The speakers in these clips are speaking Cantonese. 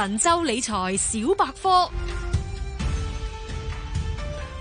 神州理財小百科，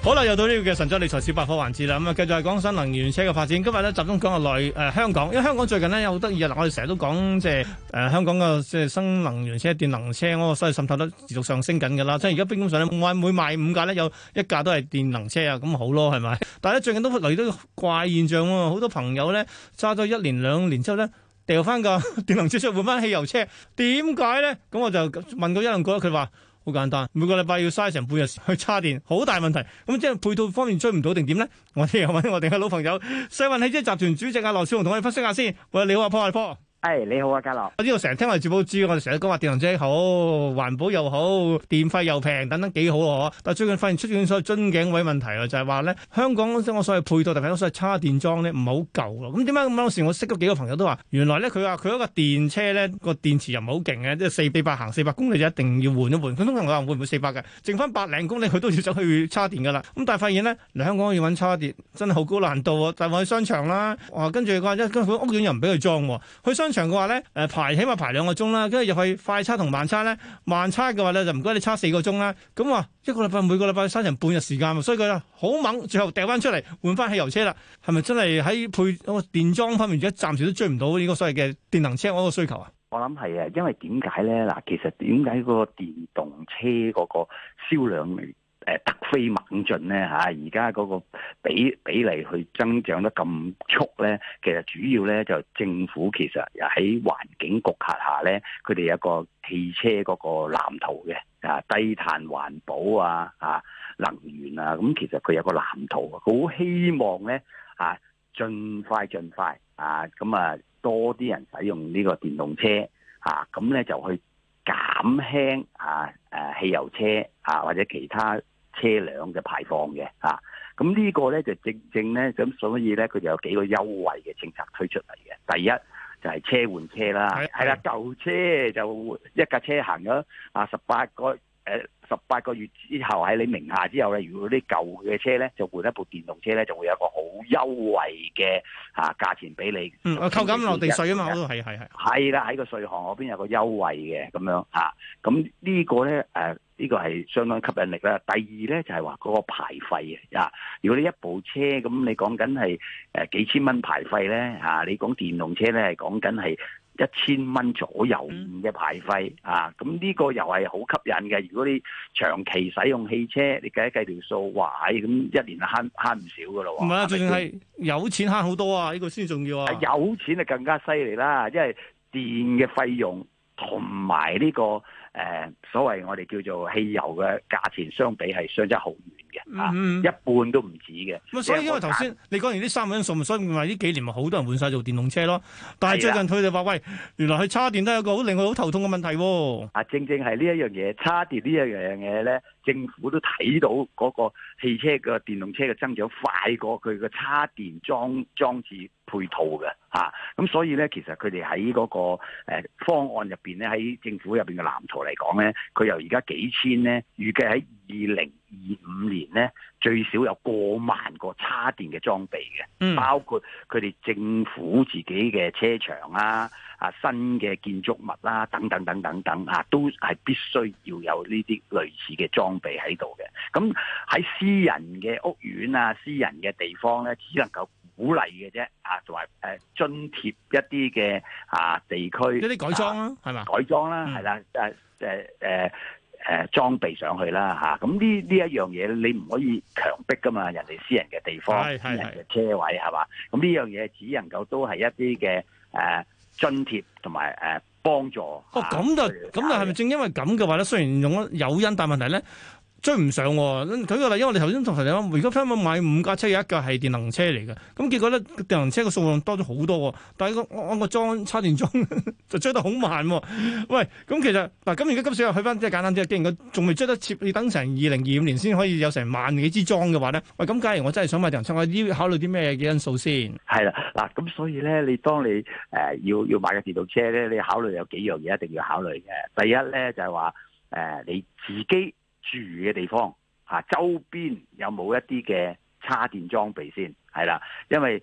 好啦，又到呢個嘅神州理財小百科環節啦。咁啊，繼續係講新能源車嘅發展。今日呢，集中講下嚟誒香港，因為香港最近呢，有好得意啊。嗱，我哋成日都講即係誒香港嘅即係新能源車、電能車嗰個，所以滲透率持續上升緊㗎啦。即係而家基本上，我每賣五架呢，有一架都係電能車啊，咁好咯，係咪？但係咧，最近都出現咗怪現象喎，好多朋友呢，揸咗一年兩年之後呢。掉翻個電動車出換翻汽油車，點解咧？咁我就問過一兩個，佢話好簡單，每個禮拜要嘥成半日去叉電，好大問題。咁即係配套方面追唔到定點咧？我哋又揾我哋嘅老朋友世運汽車集團主席阿羅少雄同我哋分析下先。喂，你好啊，破啊破。誒，hey, 你好啊，家樂啊。我知道成日聽話住保支，我哋成日講話電動車好，環保又好，電費又平，等等幾好哦。但係最近發現出現咗樽頸位問題啊，就係話咧，香港香港所謂配套同埋嗰所謂叉電樁咧，唔係好夠咯。咁點解咁？當時，我識咗幾個朋友都話，原來咧佢話佢嗰個電車咧個電池又唔係好勁嘅，即係四比八，行四百公里就一定要換一換。佢通常話會唔會四百嘅？剩翻百零公里佢都要走去叉電噶啦。咁但係發現咧，喺香港要搵叉電真係好高難度啊！就係去商場啦，跟住個一間屋苑又唔俾佢裝，去商通常嘅話咧，誒排起碼排兩個鐘啦，跟住入去快叉同慢叉咧，慢叉嘅話咧就唔該你叉四個鐘啦。咁啊，一個禮拜每個禮拜揸成半日時間，所以佢咧好猛，最後掉翻出嚟換翻汽油車啦。係咪真係喺配個電樁方面而家暫時都追唔到呢個所謂嘅電能車嗰個需求啊？我諗係啊，因為點解咧嗱？其實點解嗰個電動車嗰個銷量嚟？誒突飛猛進咧嚇，而家嗰個比比例去增長得咁速咧，其實主要咧就政府其實喺環境局轄下咧，佢哋有個汽車嗰個藍圖嘅啊，低碳環保啊啊能源啊，咁其實佢有個藍圖啊，好希望咧啊，盡快盡快啊，咁啊多啲人使用呢個電動車啊，咁咧就去減輕啊誒汽油車啊或者其他。車輛嘅排放嘅啊，咁呢個呢就正正呢。咁，所以呢，佢就有幾個優惠嘅政策推出嚟嘅。第一就係、是、車換車啦，係啦，舊車就一架車行咗啊十八個、呃十八個月之後喺你名下之後咧，如果啲舊嘅車咧，就換一部電動車咧，就會有一個好優惠嘅吓價錢俾你。嗯，扣緊落地稅啊嘛，我都係係係係啦，喺，這個稅項嗰邊有個優惠嘅咁樣吓。咁呢個咧誒，呢個係相當吸引力啦。第二咧就係話嗰個牌費啊，如果你一部車咁，啊，你講緊係誒幾千蚊牌費咧吓，你講電動車咧係講緊係。一千蚊左右嘅牌費、嗯、啊、咁、這、呢個又係好吸引嘅。如果你長期使用汽車，你計一計條數，哇！咁、哎、一年慳慳唔少噶咯喎。唔係啊，最重要係有錢慳好多啊，呢、這個先重要啊，啊。有錢就更加犀利啦，因為電嘅費用同埋呢個誒、呃、所謂我哋叫做汽油嘅價錢相比係相差好。嗯，一半都唔止嘅。咁所以因為頭先、啊、你講完啲三個因素，所以咪呢幾年咪好多人換晒做電動車咯。但係最近佢哋話喂，原來佢叉電都有個好令我好頭痛嘅問題、哦。啊，正正係呢一樣嘢，叉電呢一樣嘢咧。政府都睇到嗰個汽車嘅電動車嘅增長快過佢嘅叉電裝裝置配套嘅嚇。咁、啊、所以呢，其實佢哋喺嗰個、呃、方案入邊咧，喺政府入邊嘅藍圖嚟講，呢佢由而家幾千呢，預計喺二零二五年呢。最少有過萬個叉電嘅裝備嘅，嗯、包括佢哋政府自己嘅車場啊、啊新嘅建築物啦、啊、等等等等等，等啊，都係必須要有呢啲類似嘅裝備喺度嘅。咁喺私人嘅屋苑啊、私人嘅地方咧，只能夠鼓勵嘅啫啊，同埋誒津貼一啲嘅啊地區一啲改裝、啊？咯、啊，係嘛嗎？改裝啦、啊，係啦，誒誒誒。誒裝、呃、備上去啦嚇，咁呢呢一樣嘢你唔可以強迫噶嘛，人哋私人嘅地方、對私人嘅車位係嘛，咁呢對、嗯、樣嘢只能夠都係一啲嘅誒津貼同埋誒幫助。啊、哦，咁就咁就係咪正因為咁嘅話咧？雖然用咗誘因，但問題咧。追唔上，舉個例，因為我哋頭先同陳生，我而家翻去買五架車,架車，有一架係電能車嚟嘅。咁結果咧，電能車嘅數量多咗好多，但係個我我個裝插電裝 就追得好慢、哦。喂，咁、嗯、其實嗱，咁而家今次又去翻，即係簡單啲，既然佢仲未追得切，你等成二零二五年先可以有成萬幾支裝嘅話咧，喂，咁假如我真係想買電能車，我要考慮啲咩嘅因素先？係啦，嗱、啊，咁所以咧，你當你誒、呃、要要買嘅電動車咧，你考慮有幾樣嘢一定要考慮嘅。第一咧就係話誒你自己。住嘅地方啊，周邊有冇一啲嘅叉電裝備先？係啦，因為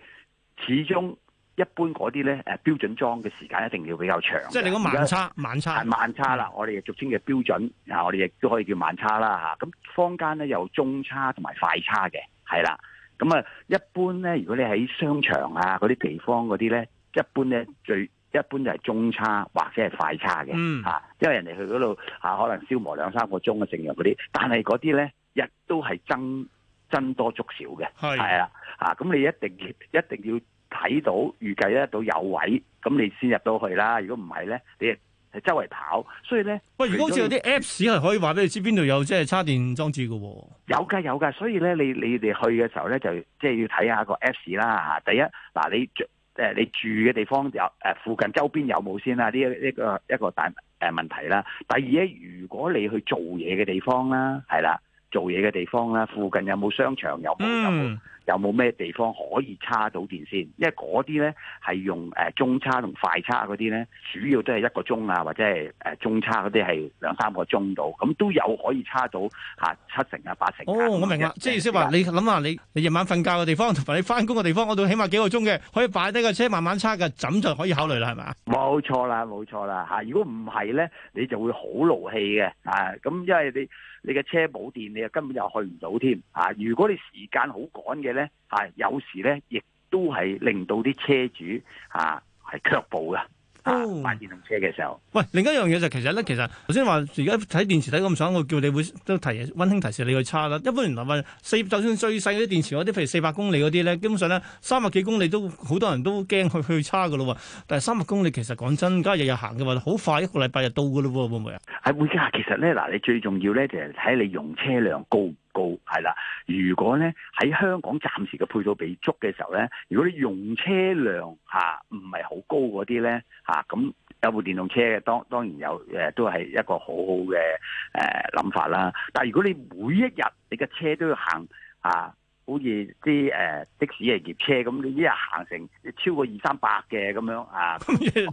始終一般嗰啲咧，誒標準裝嘅時間一定要比較長。即係你講慢叉，慢叉，慢叉插啦，我哋俗稱嘅標準啊，我哋亦都可以叫慢叉啦。吓，咁坊間咧有中叉同埋快叉嘅，係啦。咁啊，一般咧，如果你喺商場啊嗰啲地方嗰啲咧，一般咧最。一般就係中差或者係快差嘅，吓、嗯，因為人哋去嗰度吓，可能消磨兩三個鐘嘅剩日嗰啲，但係嗰啲咧，亦都係增增多足少嘅，係是啊，吓，咁你一定一定要睇到預計得到有位，咁你先入到去啦。如果唔係咧，你係周圍跑，所以咧，喂，如果好似有啲 Apps 係可以話俾你知邊度有即係叉電裝置嘅、啊，有噶有噶，所以咧，你你哋去嘅時候咧，就即、是、係要睇下個 Apps 啦，吓，第一嗱，你即係你住嘅地方有誒附近周邊有冇先啦？呢一一個一、個大誒、這個、問題啦。第二咧，如果你去做嘢嘅地方啦，係啦。做嘢嘅地方咧，附近、嗯、有冇商場，有冇有冇咩地方可以叉到電線？因為嗰啲呢係用誒中叉同快叉嗰啲呢，主要都係一個鐘啊，或者係誒中叉嗰啲係兩三個鐘度，咁都有可以叉到嚇七成啊八成。哦，我明啦，即係即話你諗下，你你夜晚瞓覺嘅地方同埋你翻工嘅地方，我到起碼幾個鐘嘅，可以擺低個車慢慢叉嘅咁就可以考慮啦，係咪？冇錯啦，冇錯啦嚇！如果唔係呢，你就會好勞氣嘅嚇。咁因為你。你嘅車冇電，你又根本又去唔到添啊！如果你時間好趕嘅咧，啊，有時咧，亦都係令到啲車主啊係卻步嘅。買電動車嘅時候，oh. 喂，另一樣嘢就其實咧，其實頭先話而家睇電池睇咁上，我叫你會都提温馨提示你去差啦。一般原來話四，就算最細啲電池嗰啲，譬如四百公里嗰啲咧，基本上咧三百幾公里都好多人都驚去去差噶啦。但係三百公里其實講真，而家日日行嘅話，好快一個禮拜就到噶啦，會唔會啊？係會下，其實咧嗱，你最重要咧就係、是、睇你用車量高。高係啦，如果咧喺香港暫時嘅配套俾足嘅時候咧，如果你用車量吓唔係好高嗰啲咧吓，咁、啊、有部電動車嘅，當當然有誒、呃，都係一個好好嘅誒諗法啦。但係如果你每一日你嘅車都要行啊。好似啲誒的士嚟劫車，咁你一日行成超過二三百嘅咁樣啊，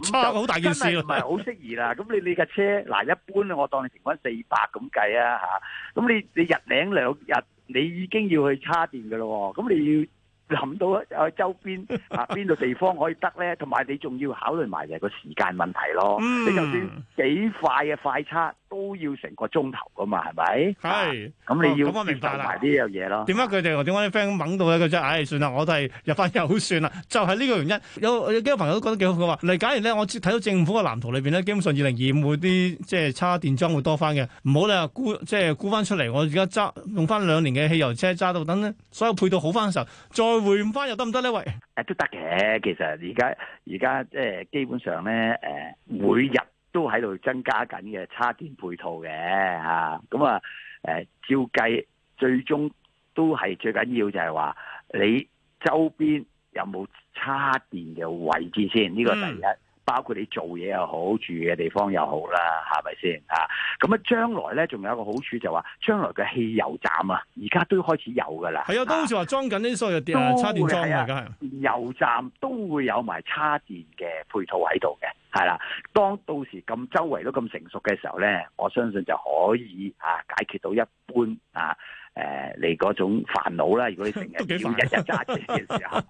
差好大件事，唔係好適宜 啦。咁你你架車嗱一般，我當你平均四百咁計啊嚇，咁你你日領兩日，你已經要去叉電嘅咯喎，咁你要。 諗到 啊！周邊啊，邊度地方可以得咧？同埋你仲要考慮埋就係個時間問題咯。嗯、你就算幾快嘅快叉，都要成個鐘頭噶嘛，係咪？係咁是，你要明白呢樣嘢、啊、咯。點解佢哋點解啲 friend 揾到咧？佢真係唉，算啦，我都係入翻油算啦。就係、是、呢個原因，有有幾個朋友都覺得幾好嘅話。假如咧，我睇到政府嘅藍圖裏邊咧，基本上二零二五啲即係叉電樁會多翻嘅。唔好啦，估即係估翻出嚟。我而家揸用翻兩年嘅汽油車揸到，等咧所有配套好翻嘅時候，再。回唔翻又得唔得呢？喂，誒都得嘅，其實而家而家即係基本上咧，誒每日都喺度增加緊嘅叉電配套嘅嚇，咁啊誒照計，最終都係最緊要就係話你周邊有冇叉電嘅位置先？呢個第一。嗯包括你做嘢又好，住嘅地方又好啦，係咪先啊？咁啊，將來咧仲有一個好處就話，是，將來嘅汽油站啊，而家都開始有噶啦。係啊，都好似話裝緊啲所有啲啊，叉電站啊，油站都會有埋叉電嘅配套喺度嘅。係啦、啊。當到時咁周圍都咁成熟嘅時候咧，我相信就可以啊，解決到一般啊。誒、呃，你嗰種煩惱啦，如果你成日一日日揸車嘅時候，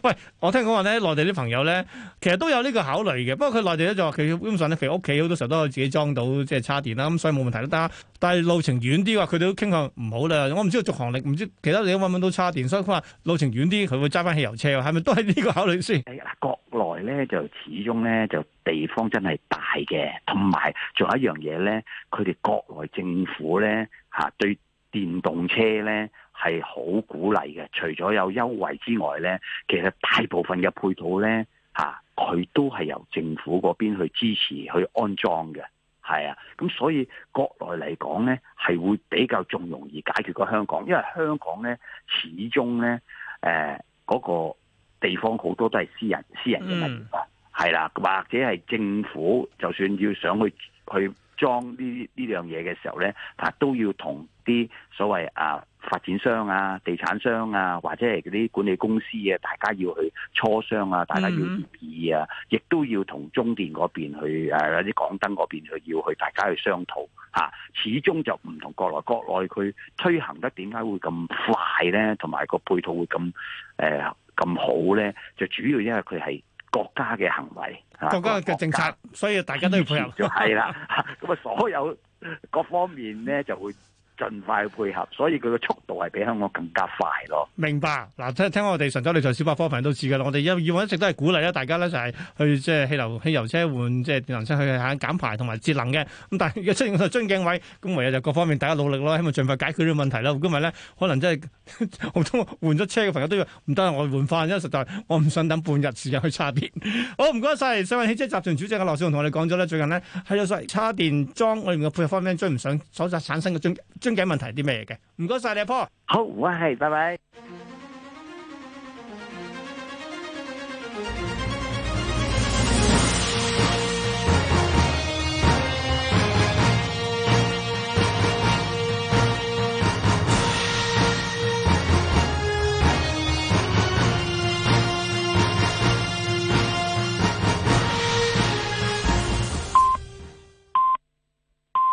喂，我聽講話咧，內地啲朋友咧，其實都有呢個考慮嘅。不過佢內地咧就其實基本上咧，佢屋企好多時候都有自己裝到即係插電啦，咁所以冇問題咯。但係，但係路程遠啲嘅話，佢哋都傾向唔好啦。我唔知道續航力，唔知其他你揾唔揾到插電，所以佢話路程遠啲，佢會揸翻汽油車，係咪都係呢個考慮先？誒，嗱，國內咧就始終咧就地方真係大嘅，同埋仲有一樣嘢咧，佢哋國內政府咧吓、啊、對。電動車呢係好鼓勵嘅，除咗有優惠之外呢，其實大部分嘅配套呢，嚇、啊，佢都係由政府嗰邊去支持去安裝嘅，係啊，咁所以國內嚟講呢，係會比較仲容易解決過香港，因為香港呢始終呢，誒、呃、嗰、那個地方好多都係私人私人嘅物業，係啦、嗯，或者係政府就算要想去去。裝呢呢樣嘢嘅時候呢，嗱都要同啲所謂啊發展商啊地產商啊或者係嗰啲管理公司啊，大家要去磋商啊，大家要協議啊，亦都要同中電嗰邊去誒，有啲港燈嗰邊去要去大家去商討吓。始終就唔同國內，國內佢推行得點解會咁快呢？同埋個配套會咁誒咁好呢？就主要因為佢係。國家嘅行為，國家嘅政策，家所以大家都要配合咗，係啦。咁啊，所有各方面咧就會盡快配合，所以佢嘅速度係比香港更加快咯。明白嗱，聽聽我哋神州理財小百科朋友都知此嘅啦。我哋一以往一,一,一,一直都係鼓勵咧，大家咧就係去即係汽油汽油車換即係電能車去嚇減排同埋節能嘅。咁但係出現個樽頸位，咁唯有就各方面大家努力咯，希望盡快解決呢個問題啦。今日咧可能真係好多換咗車嘅朋友都要唔得，我換翻，因為實在我唔想等半日時間去叉電。好，唔該晒，上港汽車集團主席嘅劉少雄同我哋講咗咧，最近咧喺咗叉電樁裏面嘅配合方面追唔上所產生嘅樽。樽頸問題啲咩嘢嘅？唔該晒，你阿婆。好，我係，拜拜。